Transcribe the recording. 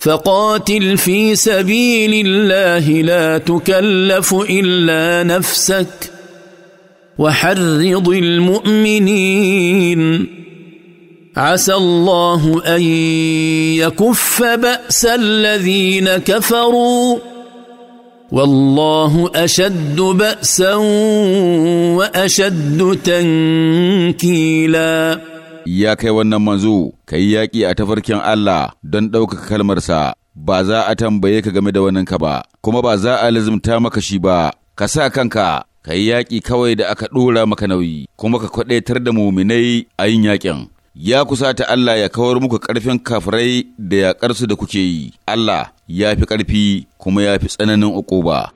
فقاتل في سبيل الله لا تكلف الا نفسك وحرض المؤمنين عسى الله ان يكف باس الذين كفروا والله اشد باسا واشد تنكيلا Ya kai wannan manzo, ka yi yaƙi a tafarkin Allah don ɗaukaka kalmarsa, ba za a tambaye ka game da waninka ba, kuma ba za a lazumta maka shi ba, ka sa kanka, ka yi yaƙi kawai da aka ɗora maka nauyi, kuma ka kwaɗaitar da muminai a yin yaƙin. Ya kusata Allah ya kawar muku ƙarfin kafirai da yaƙarsu da kuke yi, Allah ya fi ƙarfi kuma ya fi tsananin ba.